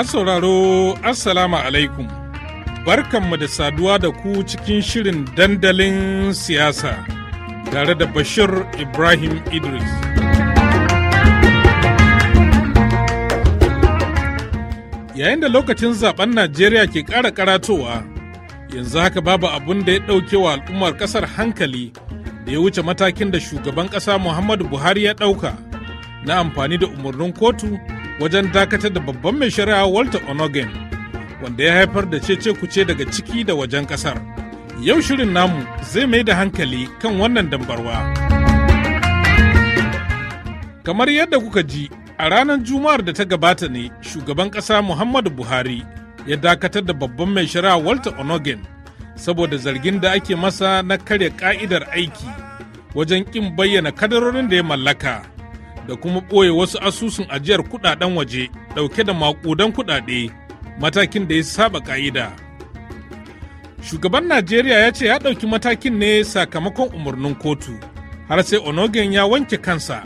Masu sauraro Assalamu alaikum. Barkanmu da saduwa da ku cikin shirin dandalin siyasa tare da Bashir Ibrahim Idris. Yayin da lokacin zaben Najeriya ke ƙara karatowa, yanzu haka babu abun da ya ɗauke wa al'ummar ƙasar hankali da ya wuce matakin da shugaban ƙasa Muhammadu Buhari ya ɗauka na amfani da umarnin kotu wajen dakatar da babban mai shari'a Walter Onogen wanda ya haifar da cece kuce daga ciki da wajen kasar. Yau shirin namu zai mai da hankali kan wannan dambarwa. Kamar yadda kuka ji, a ranar Juma'ar da ta gabata ne shugaban ƙasa Muhammadu Buhari ya dakatar da babban mai shari'a Walter Onogen saboda zargin da ake masa na karya ka'idar aiki wajen ƙin bayyana kadarorin da ya mallaka. da kuma ɓoye wasu asusun ajiyar kuɗaɗen waje ɗauke da maƙudan kuɗaɗe, matakin da ya saba ƙa'ida. Shugaban Najeriya ya ce ya ɗauki matakin ne sakamakon umarnin kotu har sai Onogen ya wanke kansa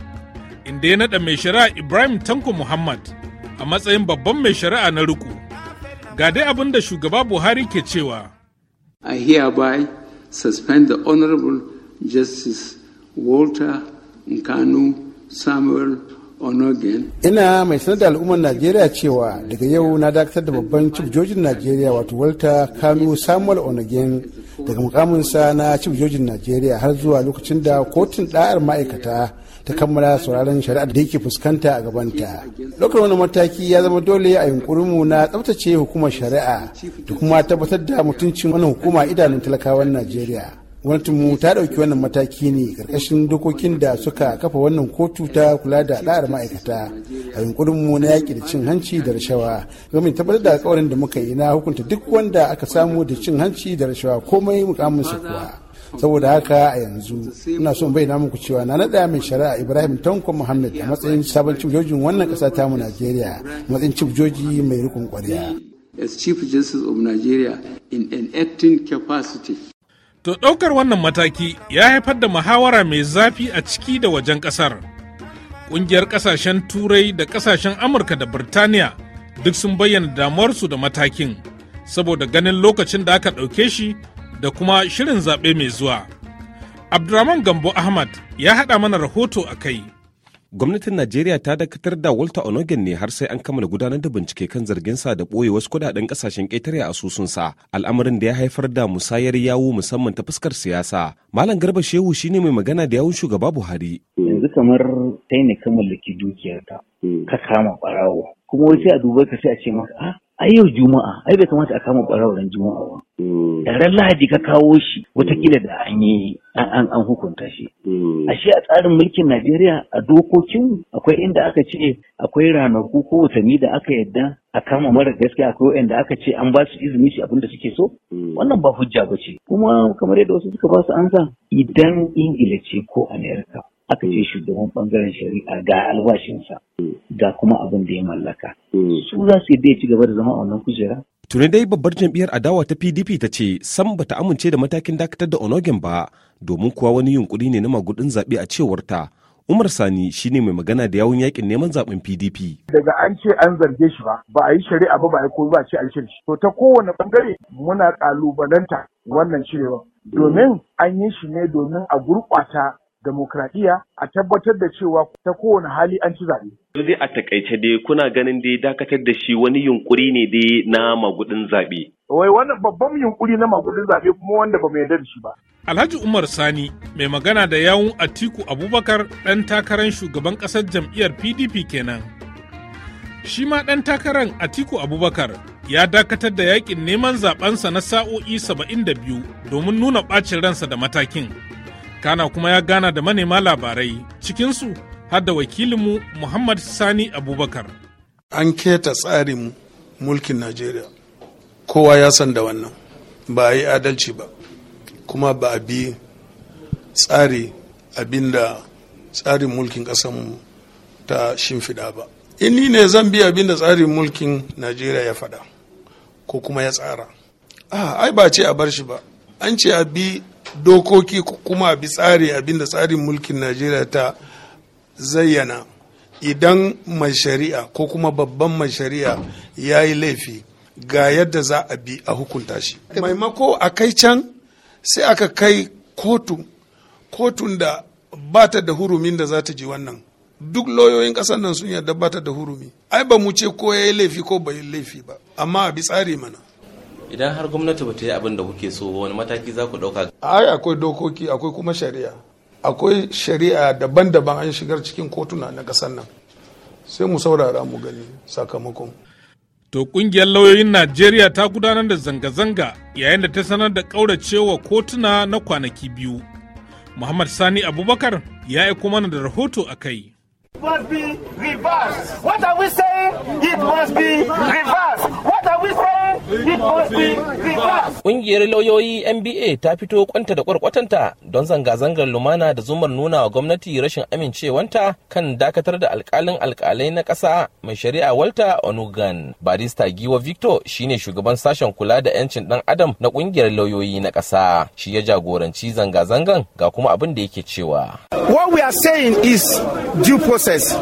inda ya naɗa mai shari'a Ibrahim Tanko Muhammad a matsayin babban mai shari'a na ruku. Ga dai abin da shugaba Buhari ke cewa. I hereby suspend the Honorable Justice Walter Nkanu Samuel Onogin. Ina mai sanar da al'ummar Najeriya cewa daga yau na dakatar da babban cibjojin jojin Najeriya wato Walter Kanu Samuel Onogin daga mukaminsa na cibjojin jojin Najeriya har zuwa lokacin da kotun ɗa'ar ma'aikata ta kammala sauraron shari'ar da yake fuskanta a gabanta. Lokacin wani mataki ya zama dole a yunkurinmu na tsabtace hukumar shari'a da kuma tabbatar da mutuncin wani hukuma idanun talakawan Najeriya. gwamnatinmu ta ɗauki wannan mataki ne karkashin dokokin da suka kafa wannan kotu ta kula da al'adar ma'aikata a yunkurinmu na yaƙi da cin hanci da rashawa domin tabbatar da alƙawarin da muka yi na hukunta duk wanda aka samu da cin hanci da rashawa komai mukaminsa kuwa saboda haka a yanzu ina son bayyana muku cewa na naɗa mai shari'a ibrahim tanko muhammad a matsayin sabon cif jojin wannan ƙasa tamu najeriya matsayin cif joji mai rikon ƙwarya as chief justice of nigeria in an acting capacity To ɗaukar wannan mataki ya haifar da muhawara mai zafi a ciki da wajen ƙasar. Ƙungiyar ƙasashen Turai da ƙasashen Amurka da Birtaniya duk sun bayyana damuwarsu da matakin saboda ganin lokacin da aka ɗauke shi da kuma shirin zaɓe mai zuwa. Abdurrahman Gambo Ahmad ya haɗa mana rahoto a kai. gwamnatin najeriya ta dakatar da walter onogen ne har sai an kammala gudanar da bincike kan sa da ɓoye wasu kudaden kasashen ƙetare a asusunsa al'amarin da ya haifar da musayar yawo musamman ta fuskar siyasa malam garba shehu shine mai magana da yawun shugaba buhari yanzu kamar kai ne ka mallaki dukiyarka hmm. ka kama barawo kuma wai sai a duba ka sai a ce maka a ah, yau juma'a ai bai kamata a kama barawo ran juma'a ba Mm. da ran lahadi ka kawo shi watakila da an yi an hukunta shi mm. ashe a tsarin mulkin najeriya a dokokin akwai inda aka ce akwai ranaku ko watanni da aka yadda a kama mara gaskiya akwai da aka ce an ba su izini shi abinda suke so mm. wannan ba hujja ba ce kuma kamar yadda wasu suka ba su ansa idan ingila ce ko amerika aka ce shugaban bangaren shari'a ga albashinsa ga kuma abin da ya mallaka su za su yi ci gaba da zama a wannan kujera tuni dai babbar jam'iyyar adawa ta pdp ta ce sam ta amince da matakin dakatar da onogen ba domin kuwa wani yunkuri ne na magudin zaɓe a cewar ta. Umar Sani shi ne mai magana da yawun yakin neman zaɓen PDP. Daga an ce an zarge shi ba, ba a yi shari'a ba ba a yi ba a ce an shi. To ta kowane bangare muna kalubalanta wannan shirewa Domin an yi shi ne domin a gurɓata demokradiyya a tabbatar da cewa ta kowane hali an ci zaɓe. dai a takaice dai kuna ganin dai dakatar da shi wani yunkuri ne dai na magudin zaɓe. Wai wannan babban yunkuri na magudin zaɓe kuma wanda ba mu yarda da shi ba. Alhaji Umar Sani mai magana da yawun Atiku Abubakar ɗan takarar shugaban ƙasar jam'iyyar PDP kenan. Shi ma ɗan takarar Atiku Abubakar ya dakatar da yakin neman zaɓensa na sa'o'i saba'in da biyu domin nuna ɓacin ransa da matakin. kana kuma ya gana da manema labarai cikinsu har wakilinmu muhammad sani abubakar an keta tsarin mulkin najeriya kowa ya san da wannan ba a yi adalci ba kuma ba a bi tsari abinda tsarin mulkin ƙasarmu ta shimfiɗa ba in ni ne zan bi abinda tsarin mulkin najeriya ya faɗa ko kuma ya tsara ai ba ce a bar shi ba an ce a bi dokoki kuma bi tsari abinda tsarin mulkin najeriya ta zayyana idan mai shari'a ko kuma babban mai shari'a ya yi laifi ga yadda za a bi a hukunta shi maimako a kai can sai aka kai kotu kotun da ba ta da hurumin da za ta ji wannan duk loyoyin ƙasar nan sun yarda ba ta da hurumi ai ba mu ce ko ya yi laifi ko bai laifi ba amma a bi tsari mana idan har gwamnati ba ta yi abin da kuke so wani mataki za ku ɗauka ai akwai dokoki akwai kuma shari'a akwai shari'a daban-daban an shigar cikin kotuna na ƙasar nan sai mu saurara mu gani sakamakon to kungiyar lauyoyin najeriya ta gudanar da zanga-zanga yayin da ta sanar da kauracewa kotuna na kwanaki biyu muhammad sani abubakar ya yi kuma da rahoto a kai must Ƙungiyar lauyoyi NBA ta fito kwanta da kwarkwatanta don zanga-zangar lumana da zumar nuna wa gwamnati rashin amincewanta kan dakatar da alkalin alkalai na ƙasa mai shari'a walta Onugan. Barista Giwa Victor shine shugaban sashen kula da 'yancin ɗan adam na kungiyar lauyoyi na ƙasa. Shi ya jagoranci zanga-zangan ga kuma abin da yake cewa. What we are saying is due process processo.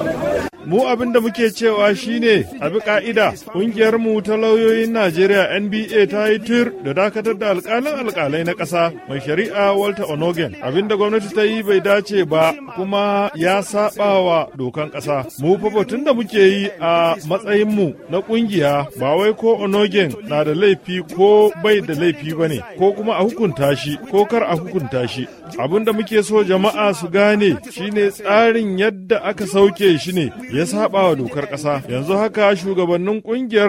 Mu abin da muke cewa shine abi ka'ida ƙungiyarmu ta lauyoyin Najeriya NBA ta yi tur da dakatar da alƙalin alƙalai na ƙasa mai shari'a Walter Onogen. Abin da gwamnati ta yi bai dace ba kuma ya saɓawa wa dokan ƙasa. Mu fa batun da muke yi a matsayinmu na ƙungiya ba wai ko Onogen na da laifi ko bai da laifi ba ne ko kuma a hukunta shi ko kar a hukunta shi. Abin da muke so jama'a su gane shine tsarin yadda aka sauke shi ne ya saba wa dokar ƙasa. Yanzu haka shugabannin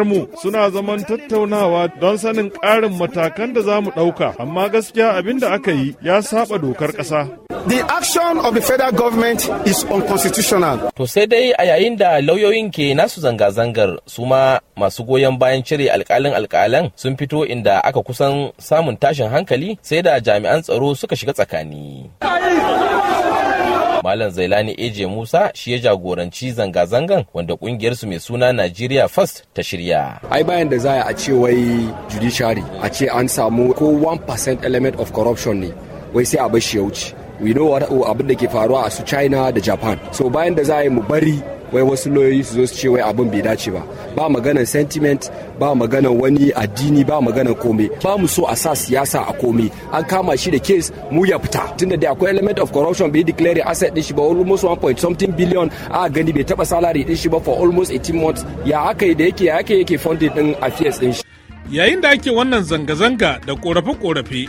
mu suna zaman tattaunawa don sanin ƙarin matakan da za mu ɗauka, amma gaskiya abin da aka yi ya saba dokar ƙasa. The action of the federal government is unconstitutional. To sai dai a yayin da lauyoyin ke nasu zanga-zangar su ma masu goyon bayan cire alkalin alkalan sun fito inda aka kusan samun tashin hankali sai da jami'an tsaro suka shiga tsakani. Malam Zailani Eje Musa shi ya jagoranci zanga-zangan wanda kungiyar mai suna Nigeria First ta shirya. Ai bayan da za a ce wai judiciary a ce an samu ko 1% element of corruption ne wai sai a bar shi ya wuce. We know abin da ke faruwa a su China da Japan. So bayan da za a yi mu bari wai wasu lauyoyi su zo su ce wai abin bai dace ba ba maganar sentiment ba maganar wani addini ba magana komai ba mu so a sa siyasa a komai an kama shi da case mu ya fita tunda da akwai element of corruption be declare asset din shi ba almost 1 point something billion a gani bai taba salary din shi ba for almost 18 months ya aka yi da yake ya aka yake funded din affairs din shi yayin da ake wannan zanga-zanga da korafe-korafe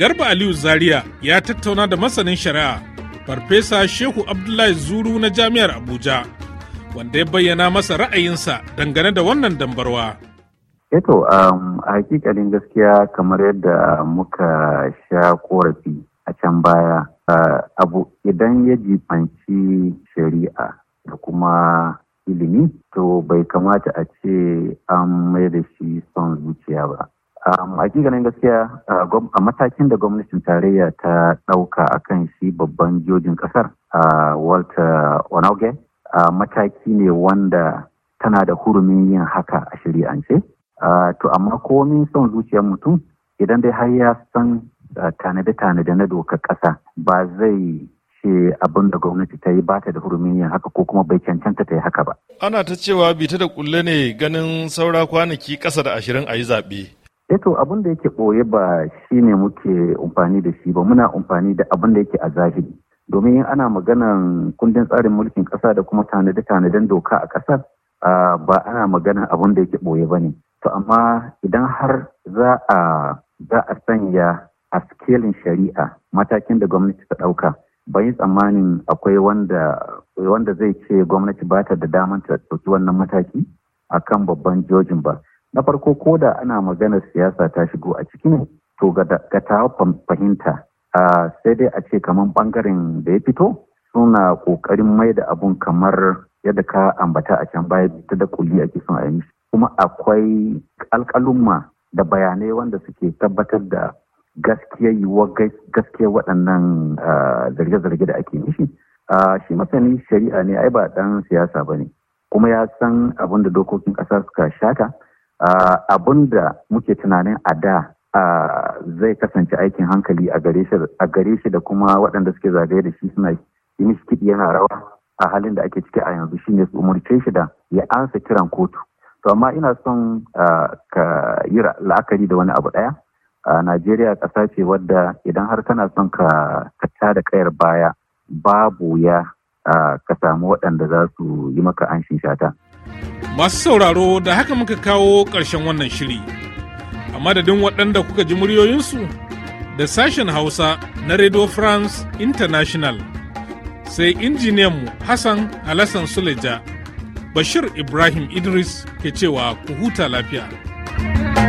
garba aliyu zaria ya tattauna da masanin shari'a farfesa shehu abdullahi zuru na jami'ar abuja wanda ya bayyana masa ra'ayinsa dangane da wannan dambarwa. Eto, eh um, a hakikalin gaskiya kamar yadda muka sha korafi a can baya, uh, abu idan ya jifanci shari'a da kuma ilimi, to bai kamata a ce an mai da shi son zuciya ba. Um, a gaskiya uh, a matakin da gwamnatin tarayya ta ɗauka akan shi babban jojin ƙasar, a uh, Walter Onoge, mataki ne wanda tana da hurumin yin haka a shari'ance to amma komin son zuciyar mutum idan dai har ya san tanade-tanade na dokar ƙasa ba zai ce abin da gwamnati ta yi ba ta da hurumin yin haka ko kuma bai cancanta ta yi haka ba. Ana ta cewa bita da kulle ne ganin saura kwanaki ƙasa da ashirin a yi zaɓe. Eto eh abin da yake ɓoye ba shi ne muke amfani da shi ba muna amfani da abin da yake a zahiri. domin in ana maganan kundin tsarin mulkin ƙasa da kuma tanade-tanaden doka a ƙasar ba ana maganan abin da yake ɓoye ba ne to amma idan har za a sanya a skelin shari'a matakin da gwamnati ta ɗauka bayan tsammanin akwai wanda zai ce gwamnati ba ta da damar ta ɗauki wannan mataki a kan babban jojin ba na farko ko da ana maganar siyasa ta shigo a cikin to ga ta fahimta sai dai a ce kamar bangaren da ya fito suna kokarin mai da abun kamar yadda ka ambata a can baya ta da kulli ake son a yi kuma akwai alkalumma da bayanai wanda suke tabbatar da gaskiyar gaskiyar waɗannan zarge-zarge da ake mishi shi masani shari'a ne ai ba ɗan siyasa ba ne kuma ya san abin da dokokin ƙasa suka shata abin da muke tunanin a da zai kasance aikin hankali a gare shi da kuma waɗanda suke zagaye da shi suna yi mishi kiɗi yana rawa a halin da ake ciki a yanzu shi ne su umarce shi da ya ansa kiran kotu to amma ina son ka yi la'akari da wani abu ɗaya a najeriya ƙasa ce wadda idan har kana son ka ta da kayar baya babu ya ka samu waɗanda za su yi maka anshin shata masu sauraro da haka muka kawo ƙarshen wannan shiri a madadin waɗanda kuka ji muryoyinsu da sashen Hausa na Radio France International. Sai injiniyanmu Hassan Alassan Suleja, Bashir Ibrahim Idris ke cewa ku huta lafiya.